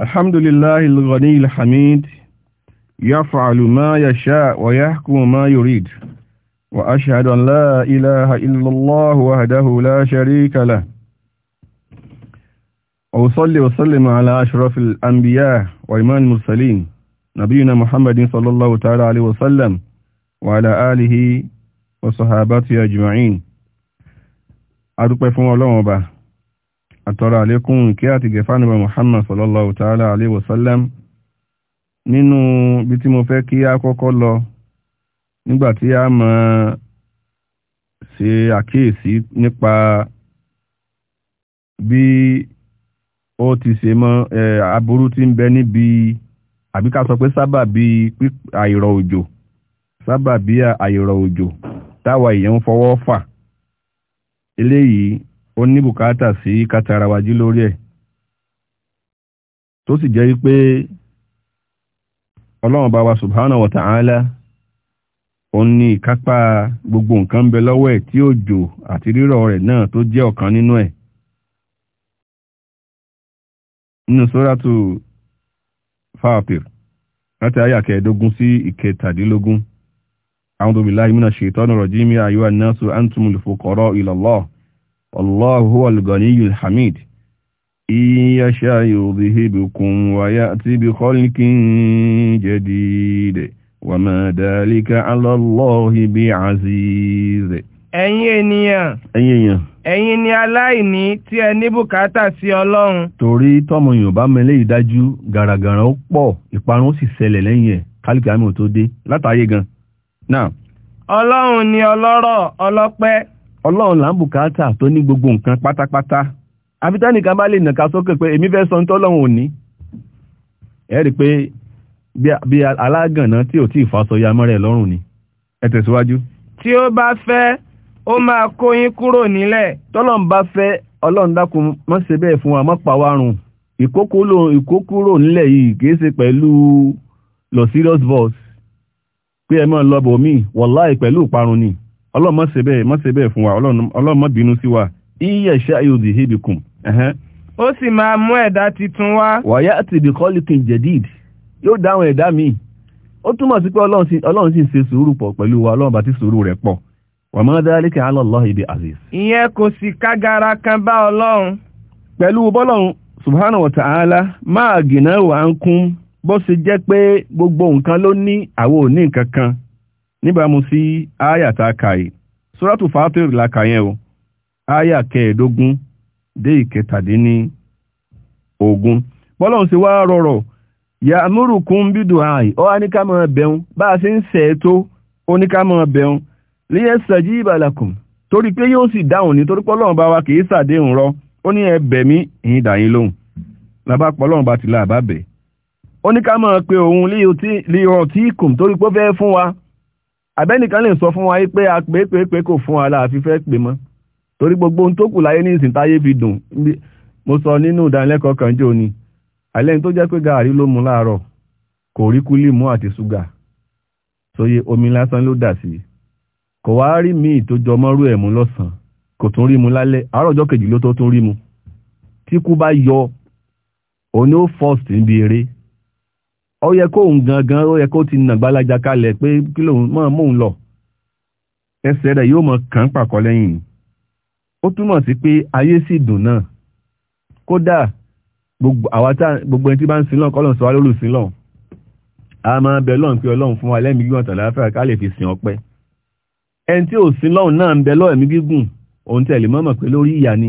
الحمد لله الغني الحميد يفعل ما يشاء ويحكم ما يريد وأشهد أن لا إله إلا الله وحده لا شريك له أصلي وسلم على أشرف الأنبياء وإمام المرسلين نبينا محمد صلى الله تعالى عليه وسلم وعلى آله وصحابته أجمعين أدوك بفهم الله Àtọrọ àlékún kí àti gẹ̀fà níbà Muhammad sallallahu ta'ala alayhi nínú bí tí mo fẹ́ kí a kọ́kọ́ lọ nígbàtí a mọ̀ ṣe àkíyèsí nípa bí ó ti ṣe mọ́ aburú tí ń bẹ níbi àbí sọ pé sábà bí àìrọ̀ òjò sábà bí àìrọ̀ òjò táwa èèyàn fọwọ́ fà eléyìí ó ní bùkátà sí kátàràwájú lórí ẹ̀ tó sì jẹ́ wípé ọlọ́run bá wa subhanahu wa ta'ala ó ní ìkápá gbogbo nǹkan bẹ lọ́wọ́ ẹ̀ tí òjò àti rírọ̀ rẹ̀ náà tó jẹ́ ọ̀kan nínú ẹ̀ nínú sóràtù fàápìr láti ayà kẹẹ̀ẹ́dógún sí ìkẹtàdínlógún a'udhu billahi minash shaitani rajim ya ayyuhan nasu antumul fuqara ila Allah Allahu هو الغني الحميد iyasha yudhhibukum wa ya'ti bi khalqin jadid wa ma dhalika 'ala Allahi bi 'aziz ẹ̀yin ènìyàn ẹ̀yin ènìyàn ẹ̀yin ni aláìní tí ẹ ní bùkátà sí Ọlọ́run torí tọ́mọ Yorùbá mẹ́lẹ́ ìdájú gàràgàrà ó pọ̀ ìparun ó sì ṣẹlẹ̀ lẹ́yìn ẹ̀ kálíkì àmì ò tó dé látàáyé gan Ọlọ́run ni ọlọ́rọ̀ ọlọ́pẹ́ ọlọ́run là ń bùkátà tó ní gbogbo nǹkan pátápátá abitánìkan bá lè nàka sókè pé èmi fẹ́ sọ ń tọ́lọ́run ò ní ẹ rí i pé bí alágànná tí ò tí ì fàṣọyà mọ́rẹ̀ lọ́rùn ni ẹ tẹ̀síwájú. tí ó bá fẹ́ ó máa kó yín kúrò nílẹ̀. tọ́lọ́run bá fẹ́ ọlọ́run dákun mọ́ ṣe bẹ́ẹ̀ fún wa mọ́ pa wá run ìkókúrò ìkókúrò nílẹ̀ yìí kìí ṣe pẹ̀lú lọ serious voice pé ẹ mọ́ lọ bòmíì wọ̀láì pẹ̀lú ìparun ni ọlọ́run má ṣe bẹ́ẹ̀ má ṣe bẹ́ẹ̀ fún wa ọlọ́run má bínú sí wa iye ṣe ayòdì hibikun. ó sì máa mú ẹ̀dá titun wá. wàyà jẹ̀díìd yóò dáhùn ẹ̀dá mi ó túmọ̀ sí pé ọlọ́run sì ń ṣe sùúrù pọ̀ pẹ̀lú ọlọ́run bá ti sùúrù rẹ̀ pọ̀ bi aziz. ìyẹn kò sì kágara kan bá ọlọ́run. pẹ̀lú bọ́lọ́run subhanahu wa ta'ala máa gìnà wà ṣe jẹ́ pé gbogbo nǹkan ló níbàámu sí ááyà tá a kà yìí sóràtù fàátìr la kà yẹn o ááyà kẹẹ̀ẹ́dógún dé ìkẹtàdínní ogún bọ́lọ́hún sì wá rọrọ̀ yà múrùkún bídò àì ó á ní ká máa bẹ̀rún bá a ṣe ń sẹ̀ tó ó ní ká máa bẹ̀rún líyẹ sẹ̀jí ìbàlàkùn torí pé yóò sì dáhùn ní torí pọ́lọ́hún bá wa kì í sàdéhùn rọ ó ní ẹbẹ̀ ìyìn dàyín lóhùn làbá pọ́lọ́hún bá ti la àbá bẹ̀ ó ní ká máa pe òun líyọ tí kùn torí pé ó fẹ́ fún wa àbẹ́nìkan lè sọ fún wa pé a pé pé pé kò fún wa láàfi fẹ́ pè mọ́ torí gbogbo ohun tó kù láyé ní ìsìn táyé fi dùn mo sọ nínú ìdánilẹ́kọ̀ọ́ kan jò ní àlẹ́yìn tó jẹ́ pé gààrí ló mu láàárọ̀ kò rí kúlì àti ṣúgà sóye omi lásán ló dà sí kò wá rí míì tó jọ mọ́rú ẹ̀mú lọ́sàn kò tún rí mu lálẹ́ àárọ̀ ọjọ́ kejì ló tó tún rí mu tí kú bá yọ òun ni ó fọ́ọ̀sì níbi eré ó yẹ kó òun gangan ó yẹ kó ti nà gbalaja kalẹ̀ pé kí lòun mọ̀ móun lọ ẹsẹ̀ rẹ̀ yóò mọ̀ kàn pàkọ́ lẹ́yìn ni ó túmọ̀ sí pé ayé sì dùn náà kódà gbogbo ẹni tí bá ń sin lọ́n kọ́lọ̀ sọ wá lólu sin lọ́n a máa bẹ lọ́n pé ọlọ́run fún wa lẹ́mìí gígùn àtàláfẹ́ ká lè fi sìn ọpẹ́ ẹni tí ò sin lọ́n náà ń bẹ lọ́ẹ̀mí gígùn òun tẹ̀lé mọ́mọ̀ pé lórí ìyá ni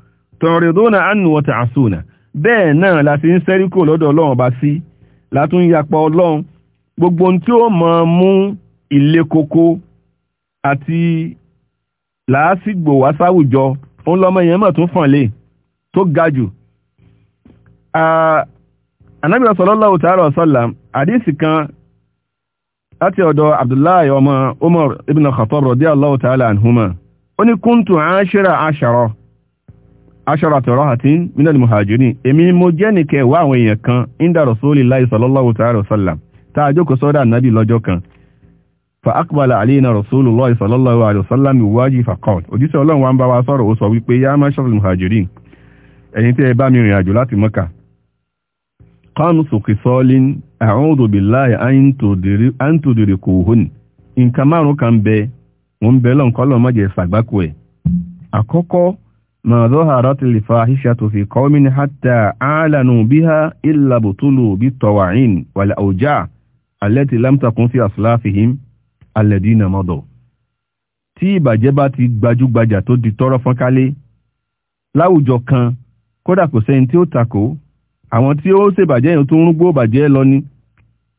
tọ̀rìdónà ánù wọ́ta àsùnà bẹ́ẹ̀ náà láti ń sẹ́ríkò lọ́dọ̀ ọlọ́run bá sí látún yapa ọlọ́run gbogbo tí ó mọ̀ mú ilé koko àti làásìgbò wá sáwùjọ ń lọ́mọ yẹn mọ̀ tún fọ̀n lè tó ga jù. Ànábì sallallahu ta'ala wa sallam àdísì kan láti ọ̀dọ̀ Abdullahi ọmọ Umar ibn Khattab radiyallahu ta'ala anhuma ó ní kúntù àṣírà àṣàrọ̀ aṣọ́ra minal muhajirin emi mo jẹ́ nìkẹ́ wá àwọn èèyàn inda sallallahu ta'ala wa sallam tá a jókòó sọ́dọ̀ kan fa aqbala alayna rasulullahi sallallahu alayhi wa sallam iwaji faqal òjíṣẹ́ ọlọ́run wa ń bá wa sọ̀rọ̀ ó sọ wípé ya tí ẹ bá mi rìn àjò láti nǹkan márùn-ún kan bẹ bẹ lọ́nkọ́lọ́ mọ́jẹ̀ sàgbákò ẹ̀ ما ظهرت الفاحشة في قوم حتى أعلنوا بها إلا بطلوا بالطواعين والأوجاع التي لم تكن في أصلافهم الذين مضوا tí ìbàjẹ́ bá ti gbajúgbajà tó di tọ́rọ́ fọ́nkálé láwùjọ kan kódà kò sẹ́yìn tí ó takò àwọn tí ó ṣèbàjẹ́ yẹn tó ń rúgbó bàjẹ́ lọ ni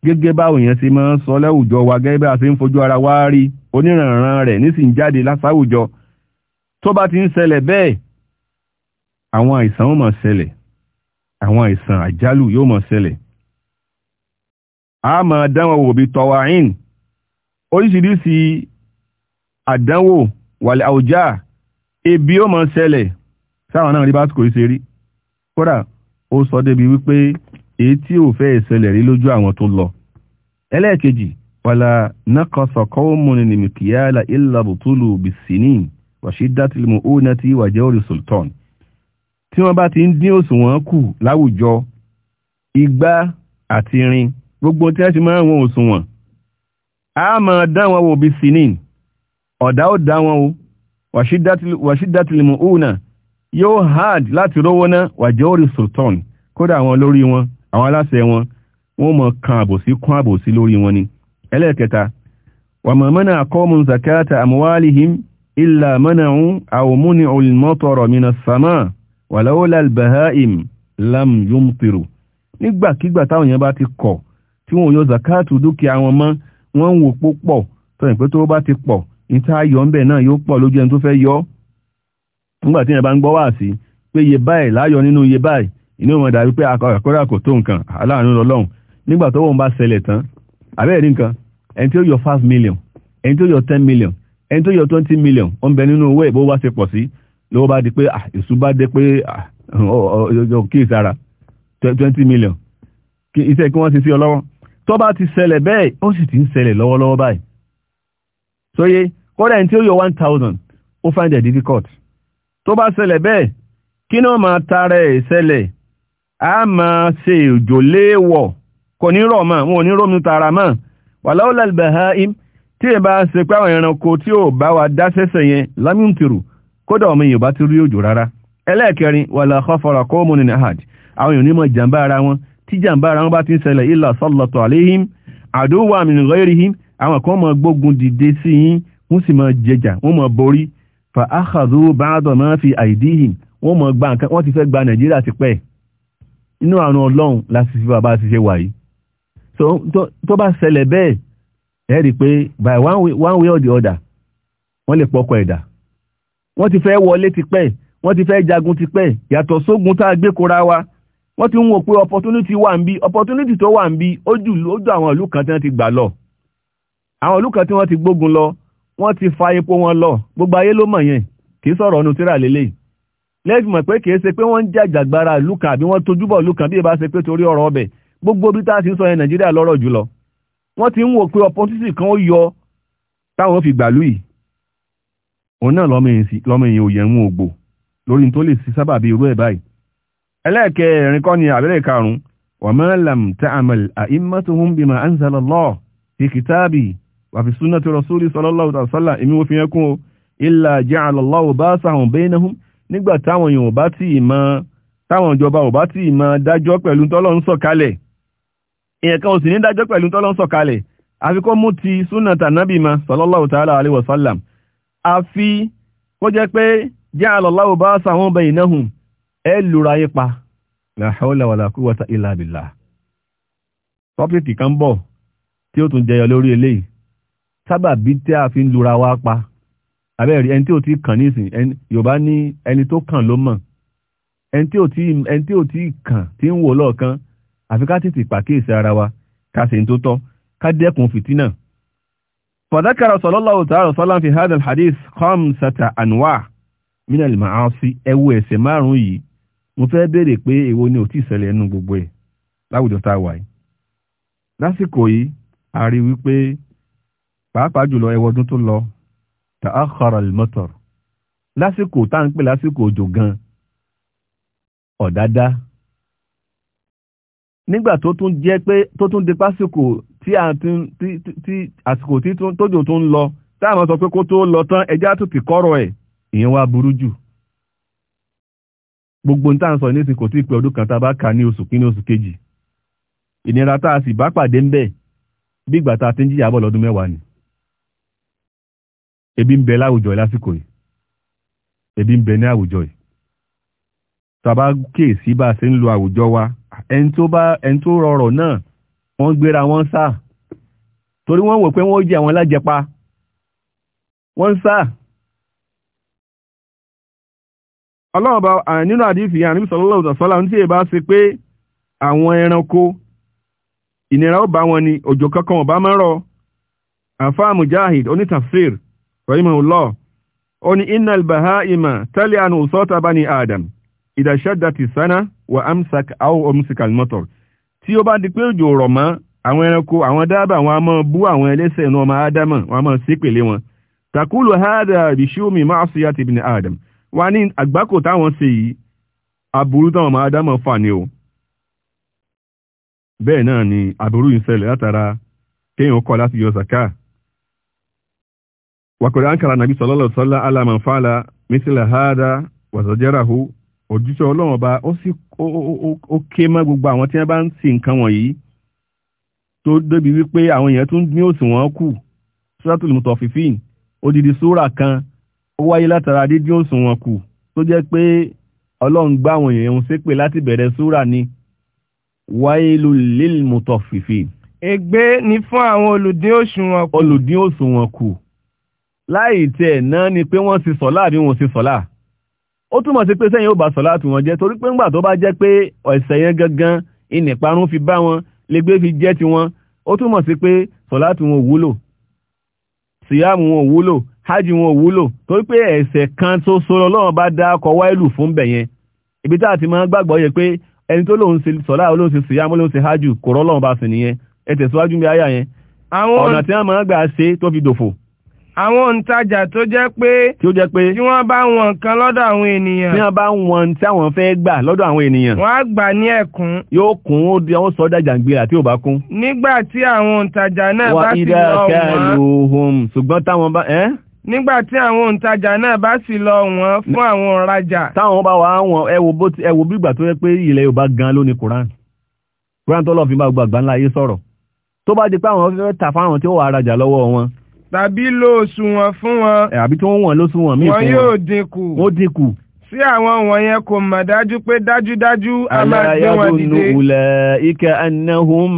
gẹ́gẹ́ báwo yẹn ṣe máa ń sọ láwùjọ wa gẹ́gẹ́ bá ṣe ń ara wa rí oníranran rẹ̀ nísìnyí jáde lásáwùjọ tó bá ti ń ṣẹlẹ̀ bẹ́ẹ̀ àwọn àìsàn ó máa ṣẹlẹ̀ àwọn àìsàn àjálù yóò máa ṣẹlẹ̀ a máa dánwò wò bí tọwàáyìn oríṣiríṣi àdánwò wàlẹ̀ àwùjá ebi ó máa ṣẹlẹ̀ sáwọn náà rí bá kò ṣe rí kódà ó sọ débi wípé èyí tí ò fẹ́ ìṣẹlẹ̀ rí lójú àwọn tó lọ ẹlẹ́ẹ̀kejì wàlà nákọsọ̀ kọ́wọ́mùnì nìmìkìyàlà ìlàbùtúlù bìsínì wàṣídátìlmù ó náà wàjẹ́ orí sultan tí wọ́n bá ti ń dín òṣùwọ̀n kù láwùjọ igbá àti irin gbogbo tí wọ́n ti máa ń wọn òṣùwọ̀n a máa dán wọn wò bí sinin ọ̀dá ó dá wọn o wàṣídátìlìmù òun náà yóò hard láti rówó ná wàjẹ́ orí sultan kódà àwọn lórí wọn àwọn aláṣẹ wọn wọ́n mọ̀ kan àbòsí kún àbòsí lórí wọn ni ẹlẹ́ẹ̀kẹta wà mọ̀ mọ́nà àkọ́mù zakata àmúwálìhìm ìlà mọ́nà àwọn múni olùmọ́tọ̀rọ̀ mìíràn sàmáà wàláwọ́lá albahaim lam yomtiru nígbàkígbà táwọn èèyàn bá ti kọ̀ tí wọ́n yọ zakatu dúkìá wọn mọ́ wọ́n ń wò púpọ̀ tọ́yìn pé tó bá ti pọ̀ níta yọ ń bẹ̀ náà yóò pọ̀ lójú ẹni tó fẹ́ yọ nígbà tí èèyàn bá ń gbọ́ wá sí pé iye báyìí láyọ nínú iye báyìí inú ìmọ̀ dàbí pé àkọ́rà tó nǹkan aláàánú lọ́lọ́run nígbà tó wọ́n bá ṣẹlẹ̀ tán àbẹ́ẹ̀ rí nǹkan ẹni tí yọ five million ẹni tó yọ ten million ẹni tó yọ twenty million ó ń bẹ nínú owó ìbówó wá ṣe pọ̀ sí lówó bá di pé ah, èsù bá dé pé ah, kíì sára twenty million iṣẹ́ kí wọ́n ti sí ọ lọ́wọ́ tó bá ti ṣẹlẹ̀ bẹ́ẹ̀ ó sì ti ń ṣẹlẹ̀ lọ́wọ́lọ́wọ́ báyìí sóye kódà ẹni tí ó yọ one thousand ó find it difficult tó bá ṣẹlẹ̀ bẹ́ẹ̀ kí ni wọ́n máa tara ẹ̀ ṣẹlẹ̀ a máa ṣe òjò léèwọ̀ kò ní rọ̀ mọ́ wọn ò ní rómi tààrà mọ́ wàláwọ́lá ìbẹ̀há im tí ì bá ṣe pé àwọn ẹranko tí ò bá wa dá sẹ́sẹ̀ yẹn lámìntìrù kódà ọmọ èèyàn bá ti rí òjò rárá ẹlẹ́ẹ̀kẹrin wàlá khafara qawmun ní ahad àwọn èèyàn onímọ̀ jàǹbá ara wọn tí jàǹbá ara wọn bá ti ń ṣẹlẹ̀ illa sallatu alayhim aduwwa min ghayrihim àwọn kan mọ̀ gbógun dìde sí yín wọ́n sì mọ̀ jẹjà wọ́n mọ̀ borí fa akhadhu ba'da ma fi aydihim wọ́n mọ̀ gba nǹkan wọ́n ti fẹ́ gba nàìjíríà ti pẹ́ inú àrùn ọlọ́run láti fi bàbá ti ṣe wà yìí tó bá ṣẹlẹ̀ bẹ́ẹ̀ ẹ̀ rí pé by one way or the other wọ́n lè pọkọ ẹ̀dà wọ́n ti fẹ́ wọlé tipẹ́ wọ́n ti fẹ́ jagun tipẹ́ yàtọ̀ sógun tá a gbé kóra wa wọ́n ti ń wò pé opportunity wà ń bí opportunity tó wà ń bí ó jù ó jù àwọn ìlú kan tí wọ́n ti gbà lọ àwọn ìlú kan tí wọ́n ti gbógun lọ wọ́n ti fa epo wọn lọ gbogbo ayé ló mọ̀ yẹn kì í sọ̀rọ̀ ọ̀nù tíra lélẹ̀ lẹ́yìn mọ̀ pé kìí ṣe pé wọ́n ń jàjàgbara ìlú kan àbí wọ́n tojúbọ̀ ìlú kan bí ìbá ṣe pé torí ọ̀rọ̀ ọbẹ̀ gbogbo bí tá a ti sọ yẹn Nàìjíríà lọ́rọ̀ jùlọ wọ́n ti ń wò pé opportunity kan ó yọ táwọn fi gbàlú yìí òun náà lọ́mọ èèyàn òyẹ̀wọ̀n ògbò lórí tó lè sí sábàbí irú ẹ̀ báyìí ẹlẹ́ẹ̀kẹrin kọ́ ni àbẹ́rẹ́ karùn-ún wa ma lam ta'mal a'immatuhum bima anzala Allah fi kitabi wa fi sunnati rasuli sallallahu alaihi wasallam èmi wo fi yẹn kún o illa ja'ala Allahu ba'sahum bainahum nígbà táwọn èèyàn ò bá tí ì mọ táwọn ìjọba ò bá tí ì mọ dájọ́ pẹ̀lú tọ́lọ́ ń sọ̀kalẹ̀ súnà tànábì ma sallallahu ta'ala alaihi wasallam àfi kó jẹ́ pé jẹ́ àlọ́láwò bá sàwọn bẹ̀yìn náà hùn ẹ lùra yí pa la hawla wala quwwata illa billah tọ́pìtì kan bọ̀ tí ó tún jẹyọ lórí eléyìí sábàbí tí a fi ń lùra wá pa àbẹ́ẹ̀rí ẹni tí ò فذكر صلى الله تعالى وسلم في هذا الحديث خمسة أنواع من المعاصي ẹwọ ẹ̀ṣẹ̀ márùn-ún yìí mo fẹ́ béèrè pé èwo ni ò tí ìṣẹ̀lẹ̀ ẹnu gbogbo ẹ̀ láwùjọ tá a wà yìí lásìkò yìí a rí wípé pàápàá jùlọ ẹwọ ọdún tó lọ ta'akhara al-matar lásìkò tá à ń pè lásìkò òjò gan ọ̀dádá nígbà tó tún jẹ́ pé tó tún di pásìkò tí àsìkò tí tójò tó ń lọ táwọn sọ pé kó tó lọ tán ẹjá tó ti kọ́rọ̀ ẹ̀ ìyẹn wá burú jù gbogbo ní táwọn sọ nísìn kò tí ì pé ọdún kan tá a bá kà ní oṣù kínní oṣù kejì ìnira tá a sì bá pàdé ń bẹ̀ bí ìgbà tá a ti ń jìyà bọ̀ lọ́dún mẹ́wàá ni ebi ń bẹ láwùjọ yìí lásìkò yìí ebi ń bẹ ní àwùjọ yìí tá a bá bá a ṣe ń lo àwùjọ wa ẹni tó bá ẹni tó rọrọ̀ náà wọ́n gbéra wọ́n sá torí wọ́n wò pé wọ́n jẹ́ àwọn alájẹpa wọ́n sá ọlọ́ọ̀bá nínú àdífì àníbì sọ́lọ́lọ́ òtàsọ́lá tí èbá ṣe pé àwọn ẹranko ìnira ó bá wọn ni òjò kankan ọ̀bá mọ́rọ̀ àfáà mujahid onítafsir rahimahullah ó ní innal bahaima tẹ́lẹ̀ ànú sọ́ta bani adam ìdàṣẹ́dà ti sánà wà amsak aw omsik almotor tí ó bá di pé òjò rọ̀ mọ́ àwọn ẹranko àwọn dábà wọn a máa bú àwọn ẹlẹ́ṣẹ̀ inú ọmọ ádámà wọn a máa ṣépèlé takulu hada bishumi ma'asiyati ibn adam wà ní àgbákò táwọn ṣe yìí aburú táwọn ọmọ ádámà fà ní o bẹ́ẹ̀ náà ni aburú ìṣẹ̀lẹ̀ látara kéèyàn kọ̀ láti yọ zaka wakọ̀dá ankara nàbí sallallahu alaihi wasallam ala man fa'ala mithla hada wa zajarahu òjíṣẹ́ ọlọ́run ọba ó sì ó ké mọ́ gbogbo àwọn tí wọ́n bá ń sin nǹkan wọ̀nyí tó débi wípé àwọn èèyàn tún ní òṣùwọ̀n kù suratul mutafifin odidi súrà kan ó wáyé látara dídí òṣùwọ̀n kù tó jẹ́ pé ọlọ́run gbá àwọn èèyàn ṣépè láti bẹ̀rẹ̀ súrà ni wailul lil mutafifin. ègbé ni fún àwọn olùdín òṣùwọ̀n kù. olùdín òṣùwọ̀n kù láì tiẹ̀ náà ni pé wọ́n ti sọ̀lá àbí wọn ò ti sọ̀lá ó túmọ̀ sí pé sẹ́yìn ó bá sọ̀láàtù wọn jẹ́ torí pé ńgbà tó bá jẹ́ pé ẹ̀ṣẹ̀ yẹn gangan ìnìparun fi bá wọn lẹ́gbẹ́ fi jẹ́ tiwọn ó túmọ̀ sí pé sọ̀láàtù wọn ò wúlò síyáàmù wọn ò wúlò hajj wọn ò wúlò torí pé ẹ̀ṣẹ̀ kan tó sọ̀rọ̀ lọ́wọ́n bá dá ọkọ̀ wáìlù fún bẹ̀ yẹn ibi tá a ti máa gbàgbọ́ yẹ pé ẹni tó lóun ṣe sọ̀lá olóun ṣe síyáàmù olóun ṣe hajj kò rọ́ lọ́wọ́n bá sì nìyẹn ẹ tẹ̀síwájú bí ayà yẹn ọ̀nà tí wọ́n máa gbà ṣe tó fi dòfò àwọn òǹtajà tó jẹ́ pé tí ó jẹ́ pé tí wọ́n bá wọn nǹkan lọ́dọ̀ àwọn ènìyàn tí wọ́n bá wọn tí àwọn fẹ́ gbà lọ́dọ̀ àwọn ènìyàn wọ́n á gbà ní ẹ̀kún yóò kún ó di àwọn sọ́dà jàǹgbìrà tí ò bá kún. nígbà tí àwọn òǹtajà náà bá sì lọ wọ́n ṣùgbọ́n táwọn bá nígbà tí àwọn òǹtajà náà bá sì lọ wọ́n fún àwọn òǹrajà. táwọn bá wà wọn ẹ wo bó ẹ wo bí ìgbà tó yẹ pé ilẹ̀ Yorùbá gan ló ní Quran Quran tó lọ́ọ̀fin bá gbàgbà ńlá ayé sọ̀rọ̀ tó bá di pé àwọn fẹ́ tà fáwọn tí ó wà rajà lọ́wọ́ wọn tàbí lo òṣùwọ̀n fún wọn. àbí tí wọ́n wọ̀n ló sunwọ̀n míì fún wọn. wọn yóò dínkù. ó dínkù. sí àwọn wọ̀nyẹn kò mọ̀ dájú pé dájúdájú a máa gbé wọn dìde. aláyàdùn ulaika annahum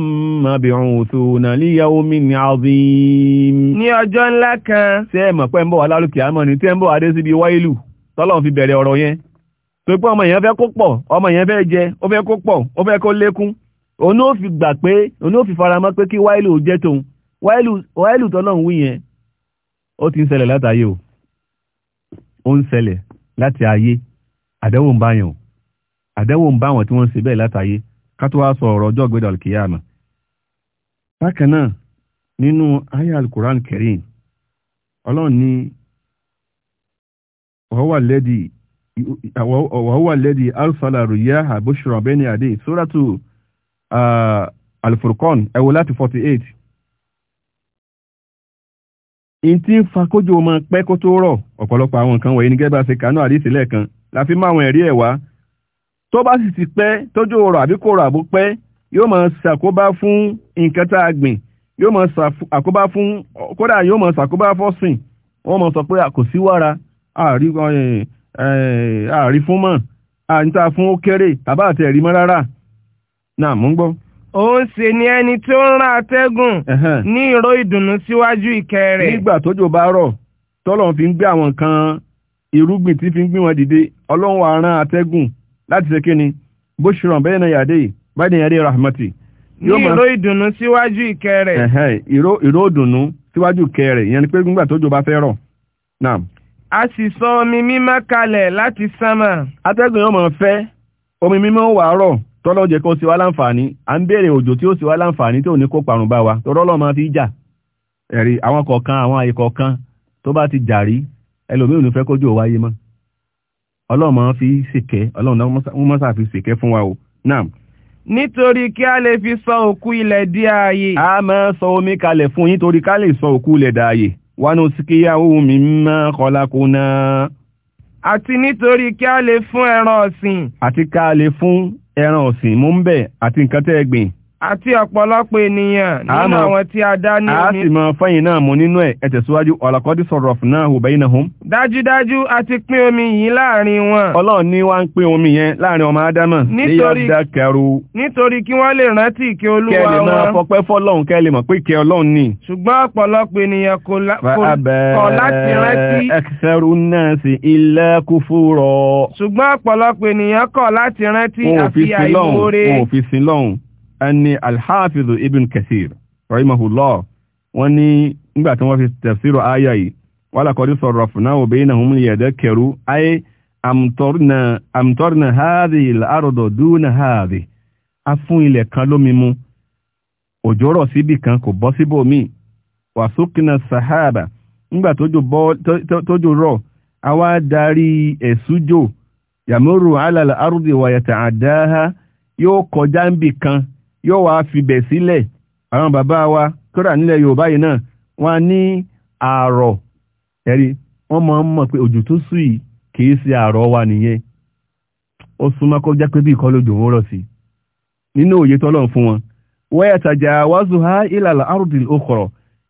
mab'uthuna li yawmin 'azim. ní ọjọ́ ńlá kan. ṣé ẹ mọ̀ pé ń bọ̀ wá lálùkì àmọ́ ni tí ń bọ̀ adé síbi wáìlù tọ́lọ́ fi bẹ̀rẹ̀ ọ̀rọ̀ yẹn tó pé ọmọ yẹn fẹ́ kó pọ̀ ọmọ yẹn fẹ́ jẹ ó fẹ́ kó pọ̀ ó fẹ́ kó lékún òun ó fi gbà pé òun ó fi faramọ́ pé kí wáìlù jẹ́ tòun wáìlù tọ́lọ́run wí yẹn ó ti ń ṣẹlẹ̀ láti o ó ń ṣẹlẹ̀ láti ayé àdẹ́wò ń báyàn àdẹ́wò ń báwọn tí wọ́n ń ṣe bẹ́ẹ̀ láti ká tó wá sọ ọ̀rọ̀ ọjọ́ ìgbéda alkiyama bákan náà nínú aya alkuran kerim ọlọ́run ni wàhúwà lẹ́dí alfàlà in ti ń fa kójú ọmọ pẹ́ kó tó rọ̀ ọ̀pọ̀lọpọ̀ àwọn nǹkan wọ̀nyí ní gẹ́gẹ́ bá ṣe kánú àdìsí lẹ́ẹ̀kan la fi mọ àwọn ẹ̀rí ẹ̀ wá tó bá sì ti pẹ́ tójú ọrọ̀ àbí kò rọ̀ àbó pẹ́ yóò máa ṣàkóbá fún nǹkan tá a gbìn yóò máa ṣàkóbá fún kódà yóò máa ṣàkóbá fọ́sìn wọ́n máa sọ pé kò sí wára àárí fún fún ó kéré tàbá àti ẹ̀rí mọ́ rárá náà mú gbọ́. ó ṣe ni ẹni tí ó ń rán atẹ́gùn ní ìró ìdùnnú síwájú ìkẹ́ rẹ̀. nígbà tójò bá rọ̀ tọ́lọ̀ fi ń gbé àwọn kan irúgbìn tí fi ń gbé wọn dìde ọlọ́run wa rán atẹ́gùn láti ṣe kíni bó ṣe ràn bẹ́ẹ̀ náà yàdé báyìí yàdé rahmati. ní ìró ìdùnnú síwájú ìkẹ́ rẹ̀. ìró ìró ìdùnnú síwájú ìkẹ́ rẹ̀ ìyẹn ni pé nígbà tójò bá fẹ́ rọ̀ náà. a sì sọ omi mímọ́ kalẹ̀ láti sánmà. atẹ́gùn yóò tọ́lọ́ jẹ́ kó sí wá láǹfààní à ń béèrè òjò tí ó sí wá láǹfààní tí ò ní kó parun bá wa tọ́rọ́ lọ́ máa fi jà ẹ̀rí àwọn kọ̀ọ̀kan àwọn àyè kọ̀ọ̀kan tó bá ti jà rí ẹlòmíì ò ní fẹ́ kójú wáyé mọ́ ọlọ́run máa fi ṣèkẹ́ ọlọ́run náà mọ́sà fi ṣèkẹ́ fún wa o náà nítorí kí a lè fi sọ òkú ilẹ̀ di ààyè a máa sọ omi kalẹ̀ fún yín torí ká lè sọ òkú ilẹ̀ dààyè wánú síkíyàwó mi máa kọlákó ẹran ọ̀sìn mo ń bẹ̀ àti nǹkan tẹ́ ẹ gbìn àti ọ̀pọ̀lọpọ̀ ènìyàn nínú àwọn tí a dá ní omi. a sì máa fẹ́yìn náà mú nínú ẹ̀ ẹ tẹ̀síwájú ọ̀làkọ́dí sọ̀rọ̀ fún náà hù bẹ́yìn náà hùn. dájúdájú a ti pín omi yìí láàrin wọn. ọlọ́run ní wá ń pín omi yẹn láàrin ọmọ ádámà nítorí nítorí kí wọ́n lè rántí ìkẹ́ olúwa wọn. kẹ́ lè máa fọpẹ́ fọlọ́run kẹ́ lè mọ̀ pé ìkẹ́ ọlọ́run ni. ṣùgbọ́n ọ̀pọ̀lọpọ̀ ènìyàn kọ̀ láti rántí. ṣùgbọ́n ọ̀pọ̀lọpọ̀ ènìyàn kọ̀ láti rántí àfi àìmoore. wọn ò ẹni alhafizu ibn kathir rahimahullah wọ́n ní nígbà tí wọ́n fi tafsiru aya yìí wala qad sarrafnahu bainahum liyadhakkaru ay amtarna amtarna hadhihi al-ardu duna hadhihi a fún ilẹ̀ kan lómi mu òjò rọ̀ síbì kan kò bọ́ síbò míì wa sukna sahaba nígbà tójò rọ̀ a wá darí ẹ̀sújò yamuru ala al-ardi wa yata'addaha yóò kọjá ń bì kan yóò wá bẹ̀ sílẹ̀ àwọn bàbá wa rà nílẹ̀ yorùbá yìí náà wọ́n ní ààrọ̀ ẹ̀rí wọ́n mọ̀ mọ̀ pé òjò tó sù yìí kìí sí ààrọ̀ wa nìyẹn ó súnmọ́ kó jẹ́ pé bí ìkọ́ lójò ń rọ̀ sí nínú òye tọ́lọ́run fún wọn yà tàjà wàásù ha ìlàlà àrùdìl okòrò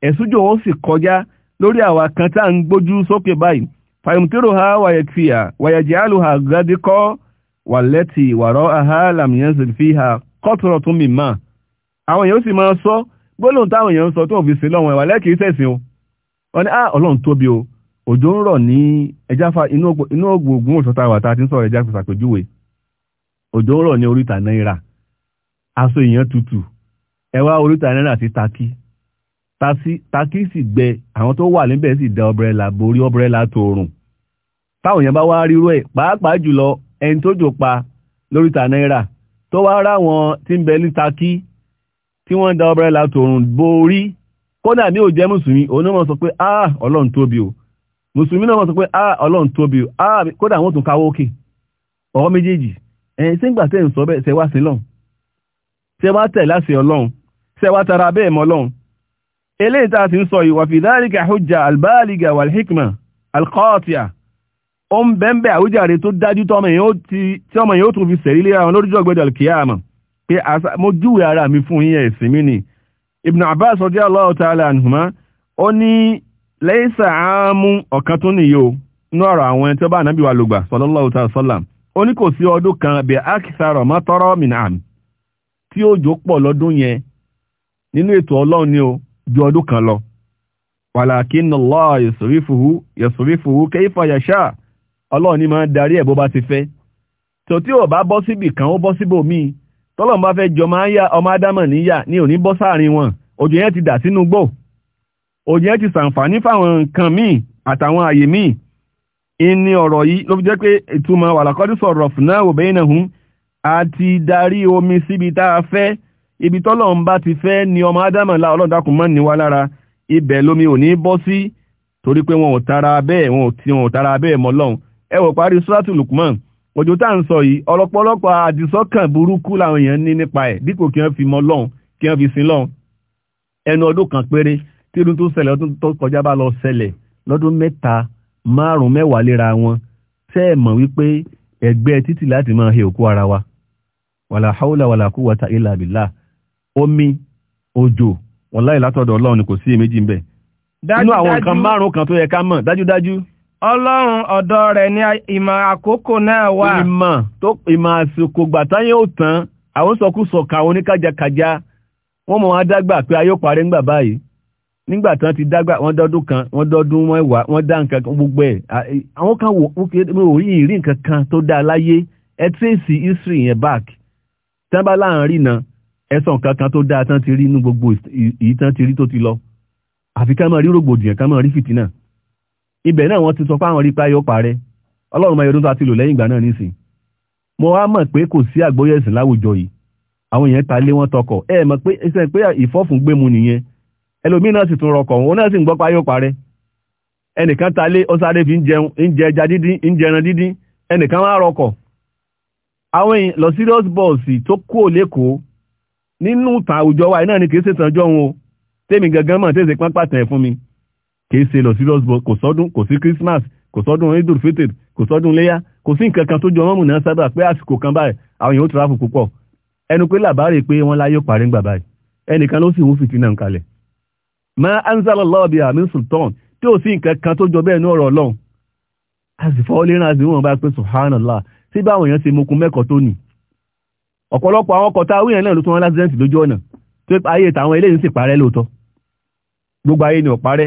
ẹ̀sùjò ó sì kọjá lórí àwa kan tá à ń gbójú sókè báyìí ha wàrọ̀ kọ́tùrọ̀ tún mi máa àwọn èèyàn sì máa sọ gbólóhùn táwọn èèyàn sọ tó ń fi sí lọ́wọ́ ẹ̀wà lẹ́kìí sẹ̀sìn o wọ́n ní ah ọlọ́run tóbi o òjò ń rọ̀ ní ẹjáfa inú ògùn òṣọ́ta wà tá a ti ń sọ̀rọ̀ ẹjá pèsàpèjúwe òjò ń rọ̀ ní oríta náírà aṣọ èèyàn tutù ẹwà oríta náírà sí takí takí sì gbẹ àwọn tó wà níbẹ̀ sì da ọbrẹ́là borí ọbrẹ́là tóorùn táwọn èèyàn bá wá ríró ẹ̀ pàápàá jùlọ ẹni tó jò pa lóríta náírà tó wá ráwọn tí ń bẹ ní Takí tí wọ́n ń da ọbẹ̀rẹ̀ látòrùn bo orí kódà ní òjẹ́ mùsùlùmí òun náà sọ pé ah ọlọ́run tóbi o mùsùlùmí náà sọ pé ah ọlọ́run tóbi o ah kódà wọ́n tún káwọ́ òkè ọwọ́ méjèèjì ẹ̀yìn sí ìgbà tẹ́yìn sọ bẹ́ẹ̀ ṣe wá sí ṣe wá tẹ̀ láti ọlọ́run ṣe wá tara bẹ́ẹ̀ mọ́ ọlọ́run eléyìí tá a ti ń sọ yìí wàfíìdárìkà hujja albáàlìgà wàlhíkmà alkọ́ọ̀tìyà ó ń bẹ́ńbẹ́ àwíjàre tó dájú tọ́mọ yẹn ó tún fi sẹ̀rí léra wọn lóríjọ́ gbẹ́dọ̀ kíyàmà pé mo júwe ara mi fún yín ẹ̀sìn mi ni Ibn Abbas radiyallahu ta'ala anhuma ó ní lẹ́yìnsà àámú ọ̀kan tó nìyó ní ọ̀rọ̀ àwọn ẹni tó bá ànábì wa lògbà sallallahu ta'ala sallam ó ní kò sí ọdún Allah yasrifuhu yasrifuhu kayfa yasha' ọlọ́run ní máa ń darí ẹ̀ bó bá ti fẹ́ tó tí ò bá bọ́ síbì kan ó bọ́ síbò míì tọ́lọ́run bá fẹ́ jọ máa ń ya ọmọ ádámọ̀ níyà ní òní bọ́ sáàrin wọn òjò yẹn ti dà sínú gbò òjò yẹn ti sàǹfààní fáwọn nǹkan míì àtàwọn àyè míì ìní ọ̀rọ̀ yìí ló fi jẹ́ pé ìtumọ̀ wàlàkọ́dún sọ̀rọ̀ fúnná òbẹ́yìnàhún àti darí omi síbi tá a fẹ́ ibi tọ́lọ́run bá ti fẹ́ ni ọmọ ádámọ̀ la ọlọ́run dákun mọ́ níwá lára ibẹ̀ lomi ò ní bọ́ sí torí pé wọn ò tara bẹ́ẹ̀ wọn ò tara bẹ́ẹ̀ mọ́ lọ́hùn ẹ wò parí suratu Lukman òjò tá à ń sọ yìí ọ̀pọ̀lọpọ̀ àdìsọ́kàn burúkú làwọn èèyàn ní nípa ẹ̀ dípò kí wọ́n fi mọ lọ́hùn kí wọ́n fi sin lọ́hùn ẹnu ọdún kan péré tí irun tó ṣẹlẹ̀ ọdún tó kọjá bá lọ ṣẹlẹ̀ lọ́dún mẹ́ta márùn mẹ́wàá léra wọn tẹ́ ẹ̀ mọ̀ wípé ẹ̀gbẹ́ títì láti máa he òkú ara wa wàlà haúlà wata ilà bìlà omi òjò wọ̀láì látọ̀dọ̀ ọlọ́run kò sí èméjì ń bẹ nínú àwọn nǹkan márùn kan tó yẹ ká mọ̀ dájúdájú ọlọ́run ọ̀dọ̀ rẹ̀ ni ìmọ̀ àkókò náà wà. ìmọ̀ tó ìmọ̀ àsìkò gbàtá yẹn ò tán àwọn sọkúsọ kàwọn oníkájàkájà wọ́n mọ̀ wọn dágbà pé ayé parẹ́ ńgbà báyìí nígbà tán ti dágbà wọ́n dọ́dún kan wọ́n dọ́dún mẹ́wàá wọ́n dá nǹkan gbogbo ẹ̀ àwọn kan wò ó kéré ò rí ìrí nǹkan kan tó dáa láyé ẹ tírèsì history yẹn back tán bá láàrin náà ẹ̀sọ̀ nǹkan kan tó dáa tán ti rí inú gbogbo èyí tán ti rí tó ti lọ àfi ká máa rí rògbòdìyàn ká máa rí fìtínà ibẹ̀ náà wọ́n ti sọ fáwọn rípa yóò parẹ́ ọlọ́run máa yọdún tó ti lò lẹ́yìn ìgbà náà nísìn mo wá mọ̀ pé kò sí àgbóyè ẹ̀sìn láwùjọ yìí àwọn èèyàn ta lé wọn tọkọ̀ ẹ mọ̀ pé ẹsẹ̀ pé ìfọ́fún gbé mu nìyẹn ẹlòmíì náà sì tún rọkọ̀ òun náà sì ń gbọ́ pa yóò parẹ́ ẹnìkan ta lé ó sáré fi ń jẹun ń jẹ ẹja dídín ń jẹ ẹran dídín ẹnìkan wá rọkọ̀ àwọn èèyàn lọ serious bọ́ọ̀sì tó kú ò lẹ́kọ̀ọ́ nínú ìtàn àwùjọ wa náà ni kì í ṣètàn ọjọ́ wọn o tèmi gangan mọ̀ tèsè pápá tẹ̀ fún mi kìí ṣe lọ serious bọ kò sọdún kò sí Christmas kò sọdún idul fitr kò sọdún léyà kò sí nǹkan kan tó jọ mọ́mù náà sábà pé àsìkò kan báyìí àwọn èèyàn ó tìráfù púpọ̀ ẹnu pé làbárè pé wọ́n láyé parí ńgbà báyìí ẹnìkan ló sì ń fìtì náà kalẹ̀ ma anzalallahu biha min sultan tí ò sí nǹkan kan tó jọ bẹ́ẹ̀ ní ọ̀rọ̀ ọlọ́run àsìfọ́ léran àti wọn bá pé subhanallah sí báwọn èèyàn ṣe mokun mẹ́kọ̀ọ́ tó nì ọ̀pọ̀lọpọ̀ àwọn ọkọ̀ tá wíyàn náà ló tún wọn lásìdẹ́ǹtì lójú ọ̀nà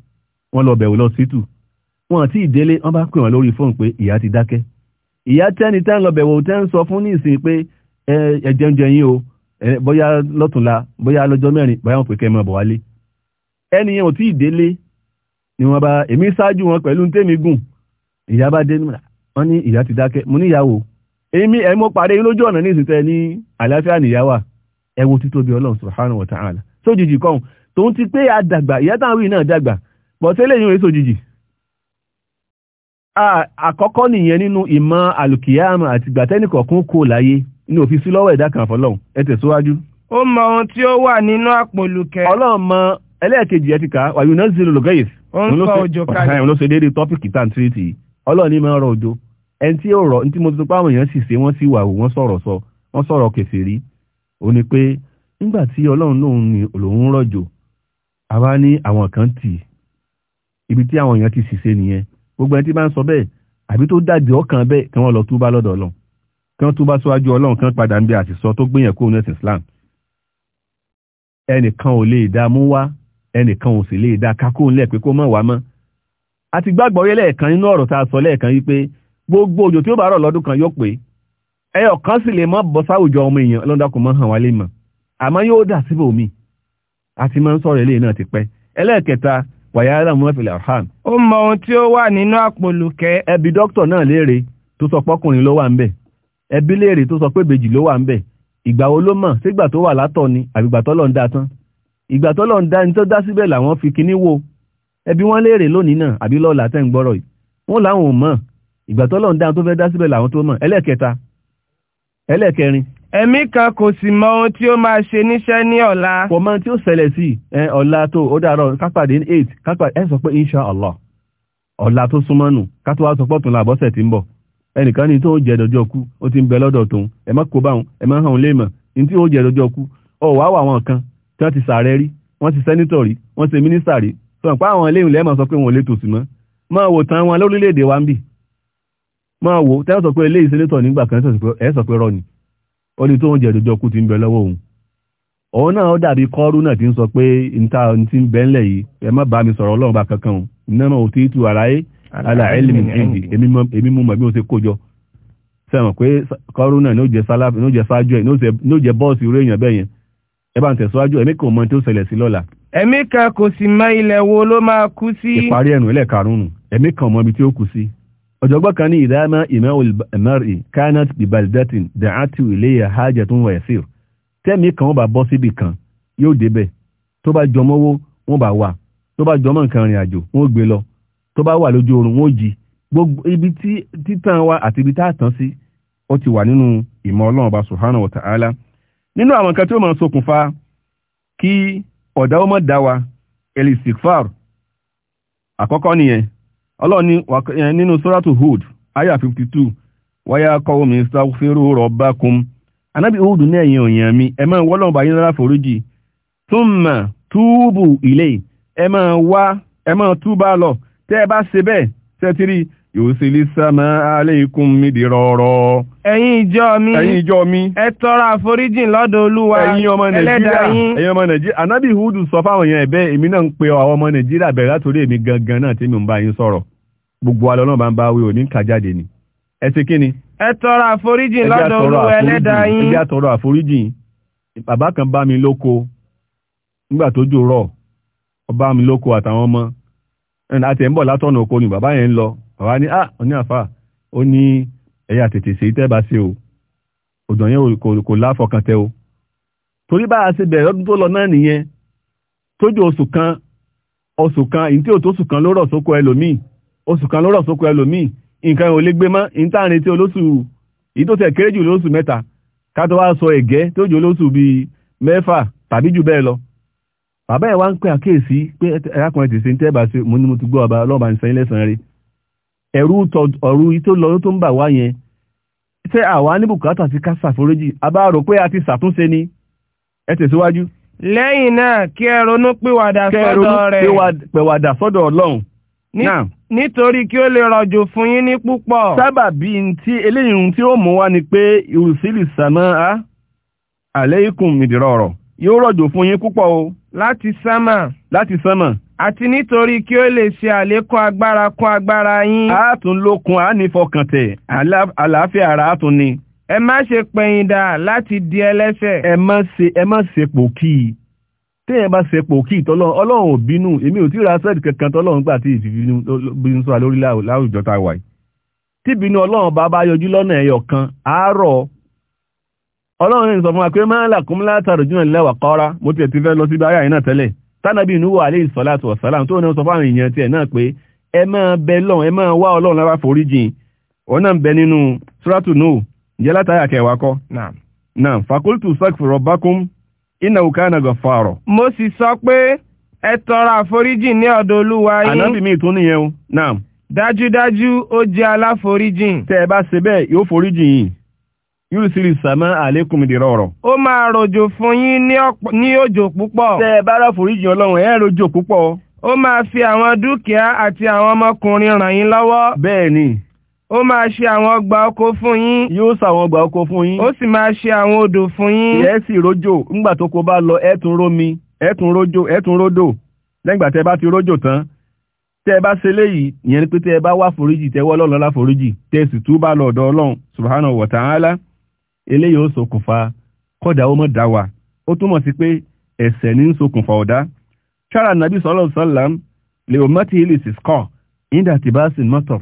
wọ́n lọ bẹ̀wò lọ sítù wọn àti ìdélé wọ́n bá pè wọ́n lórí fóònù pé ìyá ti dákẹ́ ìyá tẹ́ni tẹ́ ń lọ bẹ̀wò tẹ́ ń sọ fún ní ìsìn pé ẹ̀jẹ̀ ń jẹ yín o bóyá lọ́tùnla bóyá lọ́jọ́ mẹ́rin bóyá wọn pè kẹ́ mọ́ bọ̀ wálé ẹni yẹn ò tí ìdélé ni wọ́n bá èmi ṣáájú wọn pẹ̀lú tèmi gùn ìyá bá dé wọ́n ní ìyá ti dákẹ́ mo níyàwó èmi ẹ̀ mo pàdé lójú ọ̀nà ní ìsìn tẹ́ ní àlàáfíà nìyàwó ẹ wo títóbi ọlọ́run subhanahu wa ta'ala sójijì kan tòun ti pé a dàgbà ìyá táwọn wí náà dàgbà bọ̀tẹ́lẹ̀ yóò èso jìjì àkọ́kọ́ nìyẹn nínú ìmọ̀ alùkìyàmà àti gbàtẹ́nìkọ̀ọ̀kún kò láyé ní òfin sí lọ́wọ́ ẹ̀dá kan fọlọ́hun ẹ tẹ̀síwájú. ó mọ ohun tí ó wà nínú àpòlùkẹ́. ọlọ́run mọ ẹlẹ́ẹ̀kejì ẹ ti kà wà yóò náà zero lọ́gẹ́yìí. ó ń kọ òjò kalẹ̀ òun ló ṣe déédéé tọ́pìkì tá à ń tírìtì ọlọ́run ní máa ń rọ òjò ẹni tí ó rọ ní tí mo tuntun páwọn èèyàn sì ṣe wọ́n sì wà wọ́n sọ̀rọ̀ sọ wọ́n sọ̀rọ̀ kèfèrí ó ní pé nígbà tí ọlọ́run lòun ní òun rọ̀jò àwa ní àwọn kan tì í ibi tí àwọn èèyàn ti ṣìṣe nìyẹn gbogbo ẹni tí bá ń sọ bẹ́ẹ̀ àbí tó dàbí ọkàn bẹ́ẹ̀ kí wọ́n lọ túbá lọ́dọ̀ ọlọ́run kí wọ́n túbá síwájú ọlọ́run kan padà ń bẹ àṣìsọ tó gbìyàn kúrò nẹ́sìn Islam ẹnìkan ò lè dá mú wá ẹnìkan ò sì lè dá kákó ńlẹ̀ pé kó mọ̀ wá mọ́ àti gbàgbọ́ yẹ lẹ́ẹ̀kan nínú ọ̀rọ̀ tá a sọ lẹ́ẹ̀kan yìí pé gbogbo òjò tí ó bá rọ̀ lọ́dún kan yóò pé ẹyọ kan sì lè mọ́ bọ́ sáwùjọ ọmọ èèyàn lọ́dọ̀kùn mọ́ hàn wá lè mọ̀ àmọ́ yóò dà síbòmí àti máa ń sọ̀rọ̀ eléyìí náà ti pẹ́ ẹlẹ́ẹ̀kẹta wàyáàlà mọ́fìlẹ̀ arham. ó mọ ohun tí ó wà nínú àpòlùkẹ́. ẹbí dókítà náà léèrè tó sọ pọ́kùnrin ló wà ń bẹ̀ ẹbí léèrè tó sọ pé bèjì ló wà ń bẹ̀ ìgbà wo ló mọ̀ sígbà tó wà látọ̀ ni àbígbà tọ́lọ̀ ń da tán ìgbà tọ́lọ̀ ń da ni tó dá síbẹ̀ làwọn fi kinní wo ẹbí wọn léèrè lónìí náà àbí lọ́ọ̀lá tẹ́ ń gbọ́rọ̀ yìí wọn làwọn ò mọ̀ ìgbà ẹlẹ́kẹrin. ẹ̀mí kan kò sì mọ ohun tí ó máa ṣe níṣẹ́ ní ọ̀la. kò mọ ohun tí ó ṣẹlẹ̀ sí ẹ ọ̀la tó ó dàárọ̀ kápàdé ní eight kápàdé ẹ sọ pé insha allah ọ̀la tó súnmọ́ nù kátó wá sọ pọ̀ tún làbọ́sẹ̀ tí ń bọ̀ ẹnìkan ní tó ń jẹ dọjọ́ kú ó ti ń bẹ lọ́dọ̀ tóun ẹ má kó bá wọn ẹ má hàn lé mọ̀ ní tí ó jẹ dọjọ́ kú ọ wá wà wọn kan tí wọ́n ti sàárẹ̀ rí wọ́n ti sẹ́nítọ̀ rí wọ́n ti mínísítà rí sọ̀rọ̀ pé àwọn ilé ìlú ẹ̀ máa sọ pé wọn ò lè tòsí mọ́ máa wò tán wọn lórílẹ̀‐èdè wa ń bì máa wò tẹ́ sọ pé eléyìí selétọ̀ nígbà kan ẹ sọ pé rọ́ọ̀nì ó ní tó ń jẹ́ ìdójọ́ kú ti ń bẹ lọ́wọ́ òun òun náà ó dàbí kọ́rú náà ti ń sọ pé níta ti ń bẹ yìí ẹ má bá mi sọ̀rọ̀ ọlọ́run bá kankan o iná náà ò tu èmi mú mọ̀ bí mo ṣe kójọ sẹ́wọ̀n pé náà ní ó ẹ bá ń mọ ṣẹlẹ̀ sí lọ́la ẹ̀mí ọ̀jọ̀gbọ́n kan ní ìdámá ìmọ̀-ìmọ̀rì kánat ìbàlìdẹ́tìn dàátì ilé àhájẹ tó ń wà ẹ̀sìn tẹ́mi kan wọ́n bá bọ́ síbì kan yóò débẹ̀ tó bá jọmọ́wó wọ́n bá wà tó bá jọmọ́ nǹkan rìn àjò wọ́n gbé lọ tó bá wà lójú oorun wọ́n jí gbogbo ibi títàn wa àti ibi tá a tàn sí ó ti wà nínú ìmọ̀ ọlọ́run ọba subhanahu wa ta'ala nínú àwọn nǹkan tí ó máa ṣokùnfà kí ọ̀dà ó mọ̀ dá wa elisifar àkọ́kọ́ nìyẹn ọlọ́run ní nínú suratu Hud aya 52 wáyà qawmi istaghfiru rabbakum anábì Hud ní ẹ̀yin òyìn mi ẹ máa wọ́lọ́run bá yín lára foríjì thumma túùbù ilayhi ẹ máa wá ẹ máa túbà lọ tẹ́ ẹ bá ṣe bẹ́ẹ̀ tẹ́tírí yòsìlì sàmà aleikum midirọrọ. ẹ̀yin ìjọ mi ẹ̀yin ìjọ mi. ẹ tọrọ àforíjìn lọ́dọ̀ olúwa ẹlẹ́dàá yín. ẹ̀yin ọmọ nàìjíríà anabi hudu sọ fáwọn èèyàn ẹ̀bẹ̀ èmi náà ń pe àwọn ọmọ nàìjíríà bẹ̀rẹ̀ látòrí èmi gangan náà tí mi ń bá yín sọ̀rọ̀. gbogbo wa lọ́nà bá ń bá wí òní kà jáde ni ẹ ṣe kí ni. ẹ tọrọ àforíjìn lọ́dọ̀ olúwa ẹlẹ́dàá yín. ẹ jẹ́ àtọrọ àforíjìn bàbá kan bá mi lóko nígbà tó jò rọ̀ ó bá mi lóko àtàwọn ọmọ ẹnì àti ẹ̀ ń bọ̀ látọ̀nà oko ni bàbá yẹn ń lọ bàbá ní ah ó ní àfà ó ní ẹ̀yà tètè ṣe tẹ́ bá ṣe o òdò yẹn kò láfọkàn tẹ o torí bá a ṣe bẹ̀rẹ̀ lọ́dún tó lọ náà nìyẹn tójú oṣù kan oṣù kan ìyí tí ò tó oṣù kan ló rọ̀ sóko ẹlòmíì oṣù kan lọ́rọ̀ sóko ẹlòmíì nǹkan ò lè gbé mọ́ ìntàrin tí olóṣù yìí tó tẹ̀ kéré jù lóṣù mẹ́ta ká tó wá sọ ẹ̀gẹ́ tó jù olóṣù bíi mẹ́fà tàbí jù bẹ́ẹ̀ lọ bàbá ẹ̀ wá ń pè àkíyèsí pé ẹ̀rákùnrin tèsí ń tẹ́bà sí mo ní mo ti gbọ́ ọba ọlọ́ọ̀bà ń sẹ́yìn lẹ́sàn-án rí ẹ̀rú ọ̀rú tó lọ tó ń bà wá nítorí kí ó lè rọ̀jò fún yín ní púpọ̀. sábàbí tí eléyìí tí ó mú wá ni pé ìrùsílì sàmọ́ á àléékùn mìdìrọ̀ ọ̀rọ̀ yóò rọ̀jò fún yín púpọ̀ o. láti sánmà. láti sánmà. àti nítorí kí ó lè ṣe àlékún agbára kún agbára yín. a tún lókun a ní fọkàntẹ̀ àlàáfíà ara a tún ni. ẹ má ṣe pẹ̀yìndà láti di ẹlẹ́ṣẹ̀. ẹ má ṣe ẹ má ṣe pòkì téèyàn bá ṣe pò kí ìtọ́lọ́run ọlọ́run ò bínú èmi ò tí ra sẹ́ẹ̀dì kankan tọ́lọ́run gbà tí ìbínú sọ lórí láwùjọ tá a wà yìí tíbínú ọlọ́run bá bá yọjú lọ́nà ẹ̀yọ̀ kan àárọ̀ ọlọ́run ní sọ fún wa pé máa ń làkún látàrí jùlọ nílẹ̀ wà kọ́ra mo tiẹ̀ ti fẹ́ lọ síbi ayé náà tẹ́lẹ̀ tánàbí Nuhu alayhi salatu wa salam tó ní sọ fáwọn èèyàn tiẹ̀ náà pé ẹ máa bẹ lọ́n ẹ máa wá ọlọ́run lára forí jìn ọ̀nà ń bẹ nínú suratu Nuhu ìjẹ́ látàrí àkẹwàá kọ́ náà fakultu sakfu rabbakum inna kana ghaffaro. mo sì sọ pé ẹ tọrọ àforíjìn ní ọ̀dọ̀ olúwa yín. ànábì mi tún nìyẹn o naam. dájúdájú ó jẹ́ aláforíjìn. tẹ́ ẹ bá ṣe bẹ́ẹ̀ yóò foríjìn yìí yóò sì rí sàmá àlékún ìdìrọ̀rọ̀. ó máa rọ̀jò fún yín ní òjò púpọ̀. tẹ́ ẹ bá rà foríjìn ọlọ́run ẹ rọ̀jò púpọ̀. ó máa fi àwọn dúkìá àti àwọn ọmọkùnrin ràn yín lọ́wọ́. bẹ́ẹ̀ ni ó máa ṣe àwọn ọgbà oko fún yín. yóò ṣàwọn ọgbà oko fún yín. ó sì máa ṣe àwọn odò fún yín. ẹ sì rójò ńgbà tó kó bá lọ ẹ tún rómi ẹ tún rójò ẹ tún ródò lẹ́gbà tẹ́ bá ti rójò tán tẹ́ bá ṣe léyìí ìyẹn ni pé tẹ́ bá wá foríjì tẹ́ wọ́ lọ́lọ́lá foríjì tẹ́ sì tú bá lọ ọ̀dọ̀ ọlọ́run subhanahu wa ta'ala eléyìí ó ṣokùnfà kọ́dà ó mọ̀ dá wa ó túmọ̀ sí pé ẹ̀ṣẹ̀ ní ń ṣokùnfà ọ̀dá ṣára nàbí sallallahu alaihi wasallam lè ò mọ́tì ilé sískọ̀ ìdá tìbá sí mọ́tọ̀rọ̀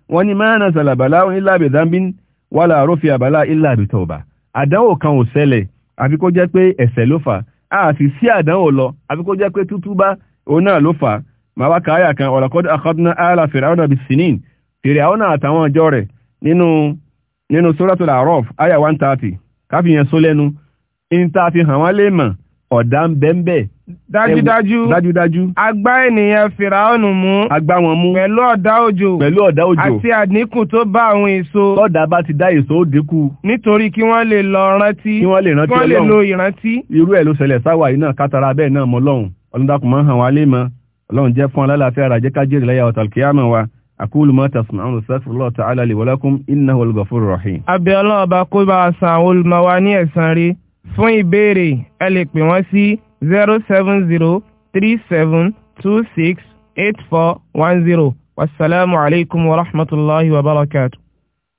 wọ́n ní máa na sàlàbàlá onílàbẹ̀ zambin wà láàárọ̀ fi àbálá ìlàbẹ̀ tọ̀ọ̀bà àdánwò kan ò ṣẹlẹ̀ àfi kó jẹ́ pé ẹ̀ṣẹ̀ ló fà á sì sí àdánwò lọ àfi kó jẹ́ pé tútúbá òun náà ló fà á wá káyà kan ọ̀làkọ́dọ̀ sinin fìràwọ̀nà àtàwọn ọjọ́ rẹ̀ nínú nínú sóràtò làárọ̀ àyà 130 káfíyàn sólẹ́nu ìntàfihàn wọn lè ọ̀dá ń bẹ́ ń bẹ́. dájúdájú dájúdájú. agbá ènìyàn fìràánù mú. agbá wọn mú. pẹ̀lú ọ̀dá òjò. pẹ̀lú ọ̀dá òjò. àti àdínkù tó bá àwọn èso. tọ́dà bá ti dá èso ó dínkù. nítorí kí wọ́n lè lọ rántí. kí wọ́n lè rántí ọlọ́run kí wọ́n lè lo ìrántí. irú ẹ̀ ló ṣẹlẹ̀ sáwà yìí náà kátara bẹ́ẹ̀ náà mọ ọlọ́run ọlọ́run wa أقول ما تسمعون استغفر الله تعالى لي ولكم إنه الغفور الرحيم أبي الله بقول بأسعول مواني ساري fún ìbéèrè ẹ lè pè wọ́n sí zero seven zero three seven two six eight four one zero wasalaamualeykum wa rahmatulahi wa barakatu.